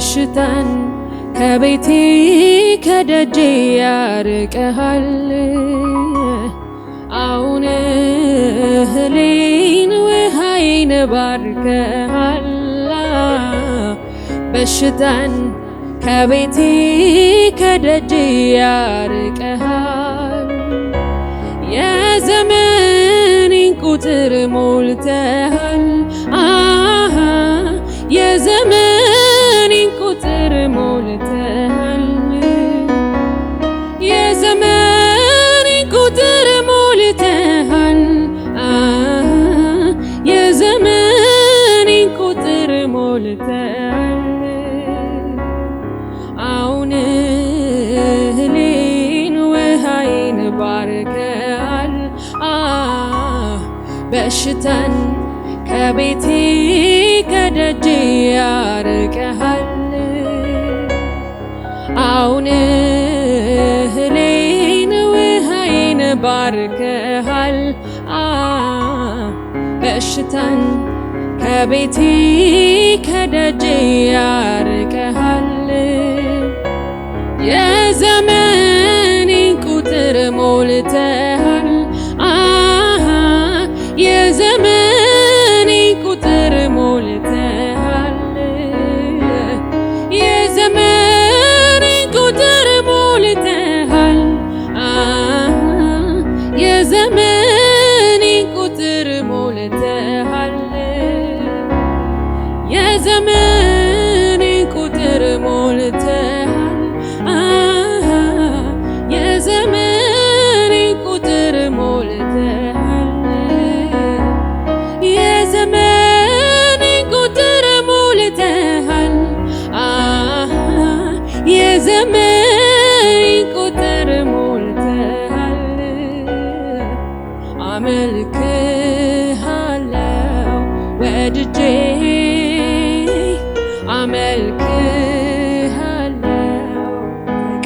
በሽታን ከቤቴ ከደጄ ያርቀሃል። አሁን እህሌን ውሃዬን ባርከሃል። በሽታን ከቤቴ ከደጄ ያርቀሃል። የዘመኔን ቁጥር ሞልተሃል የዘመን ፍቅር ሞልተሃል የዘመን ቁጥር ሞልተሃል የዘመን ቁጥር ሞልተሃል አሁን እህሌን ውሃዬን ባርከሃል በሽታን ከቤቴ ከደጅ ያርቀሃል ሕያውን ህሌን ውሃይን ባርከሃል በእሽታን ከቤቴ ከደጅ ያርቀሃል የዘመን ዘመን ቁጥር ሞልተሃል አመልክሃለው ወድጄ አመልክሃለው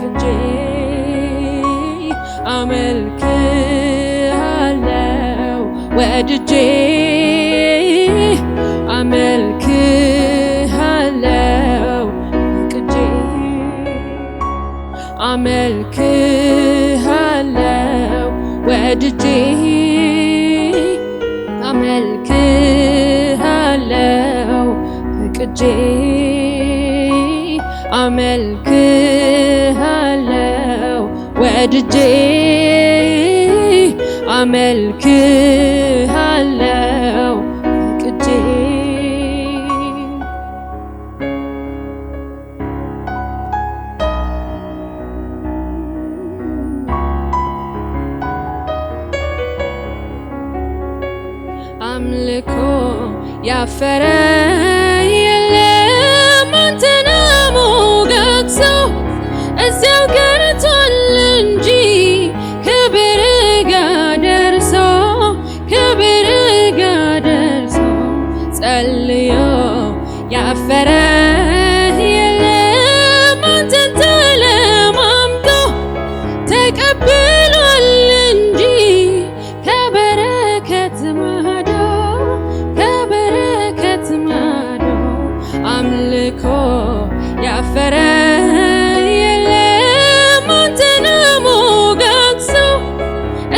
ቅጄ አመልክሃለው ወድጄ አመልክ አመልክሃለው ወድጄ አመልክሃለው ፍቅጄ አመልክሃለው ወድጄ አመልክሃለው different ያፈረ የለም አንተን ሞጋት ሰው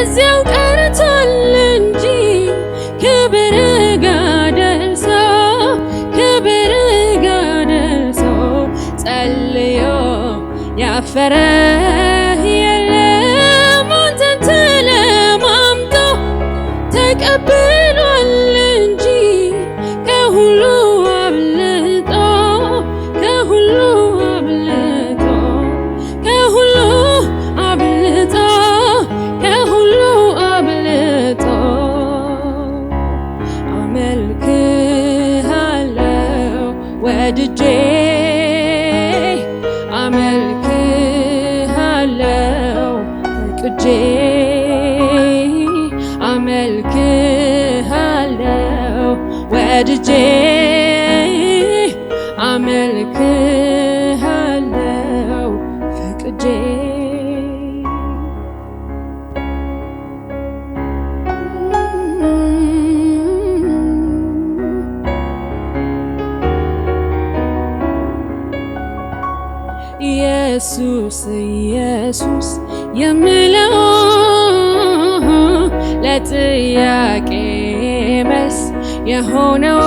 እዚያው ቀርቷል እንጂ ክብር ጋ ደርሶ ክብር ጋ ደርሶ ጸልዮ አመልክሃለው ቅጄ አመልክሃለው ወድጄ አመልክ ኢየሱስ ኢየሱስ የምለው ለጥያቄ መልስ የሆነው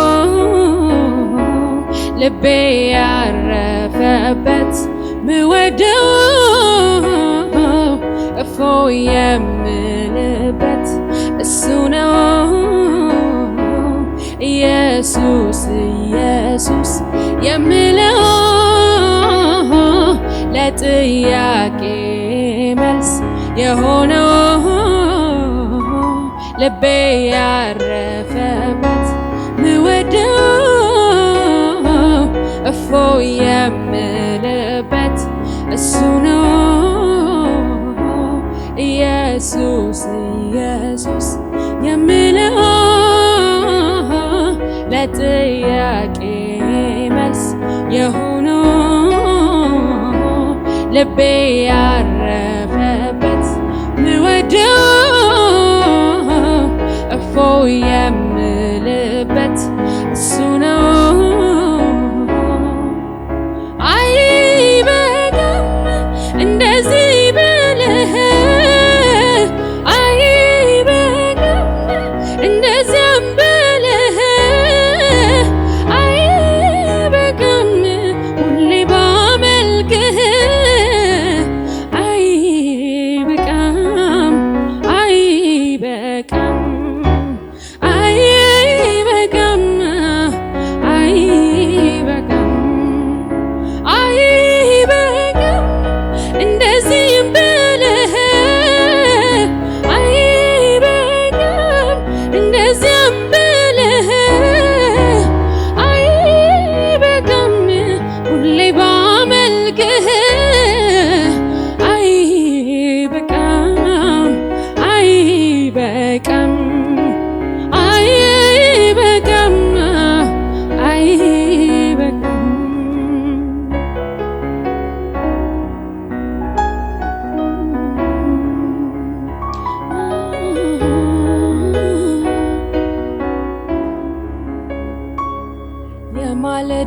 ልቤ ያረፈበት ምወደው እፎ የምልበት እሱ ነው ኢየሱስ ኢየሱስ የምለው ለጥያቄ መልስ የሆነው ልቤ ያረፈበት ምወደው እፎ የምልበት እሱ ነው ኢየሱስ ኢየሱስ የምለው ለጥያቄ መልስ የሆነው ልቤ ያረፈበት ምወደው እፎያ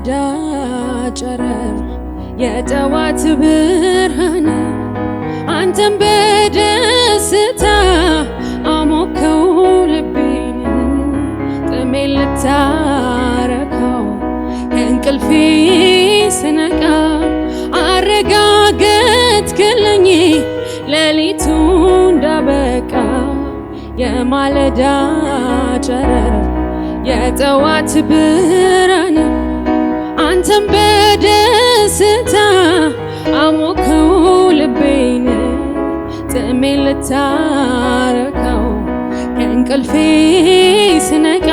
የማለዳ ጨረር የጠዋት ብርሃን አንተን በደስታ አሞከው ልቤን ጥሜ ልታረካው ከእንቅልፌ ስነቃ አረጋገጥክልኝ ሌሊቱ እንዳበቃ የማለዳ ጨረር የጠዋት ብርሃን አንተም በደስታ አሞከው ልቤን ጥሜ ልታረከው ከእንቅልፌ ስነቃ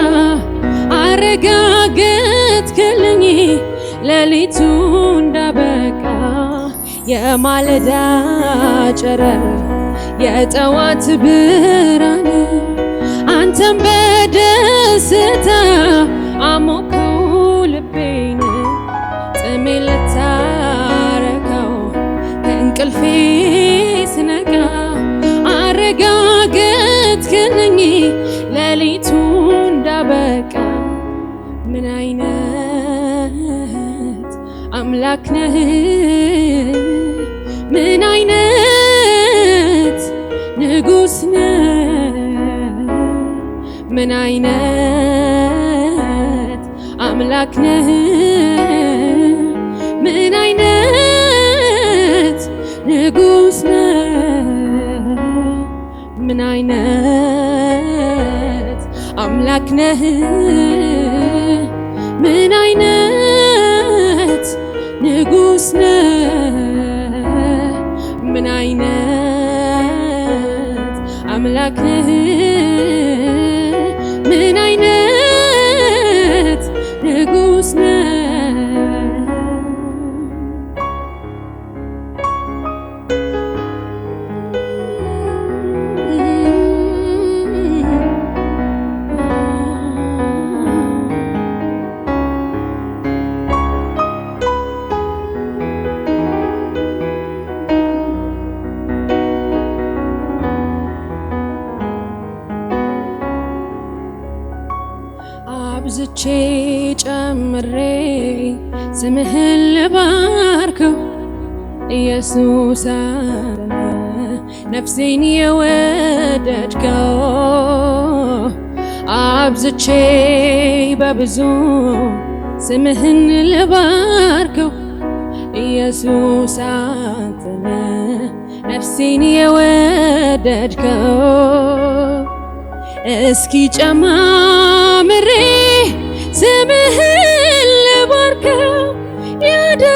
አረጋገጥክልኝ ሌሊቱ እንዳበቃ የማለዳ ጨረር የጠዋት ብርሃን አንተም በደስታ አሞከ አምላክ ነህ። ምን አይነት ንጉስ ነህ? ምን አይነት አምላክ ነህ? ምን አይነት ንጉሥ ነህ? ምን አይነት አምላክ ነህ? ምን አይነት ነህ ምን አይነት አምላክ ነህ ዘምሬ ስምህን ልባርከው ኢየሱስ ነፍሴን የወደድከው አብዝቼ በብዙ ስምህን ልባርከው ኢየሱስ አንተነ ነፍሴን የወደድከው እስኪ ጨማምሬ ስምህን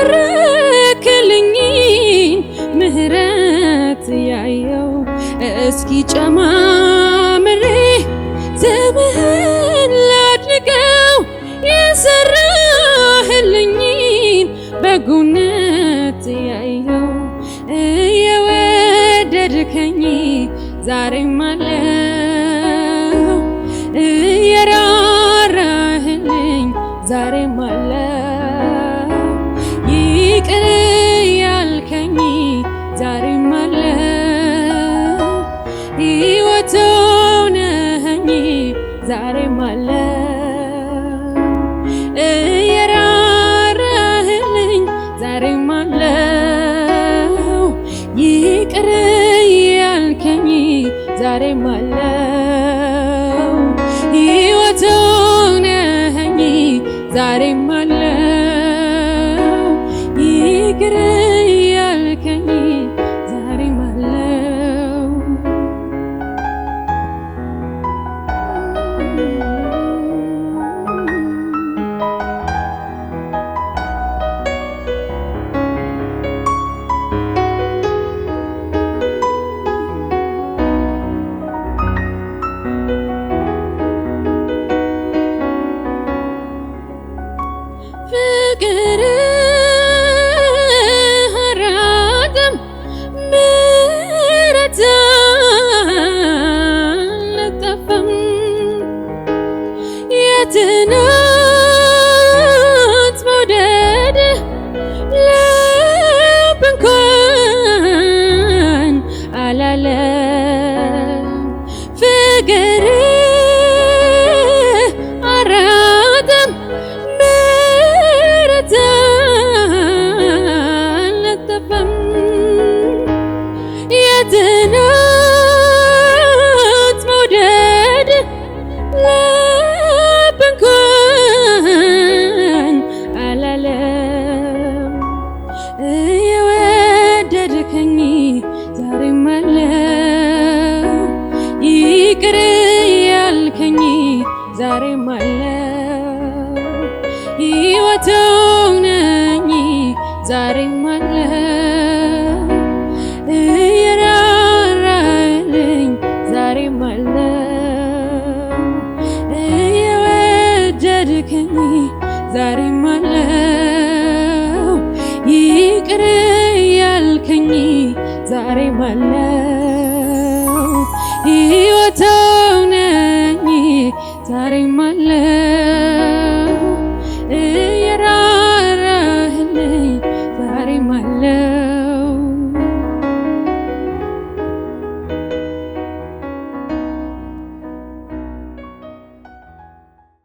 ያደረክልኝ ምህረት ያየው እስኪ ጨማ ብርቱ ነህ ዛሬም አለ नगर ዛሬም አለ እየራራልኝ ዛሬም አለ እየወደድክኝ ዛሬም አለ ይቅር ያልከኝ ዛሬም አለ ሕይወት ነኝ ዛሬም አለ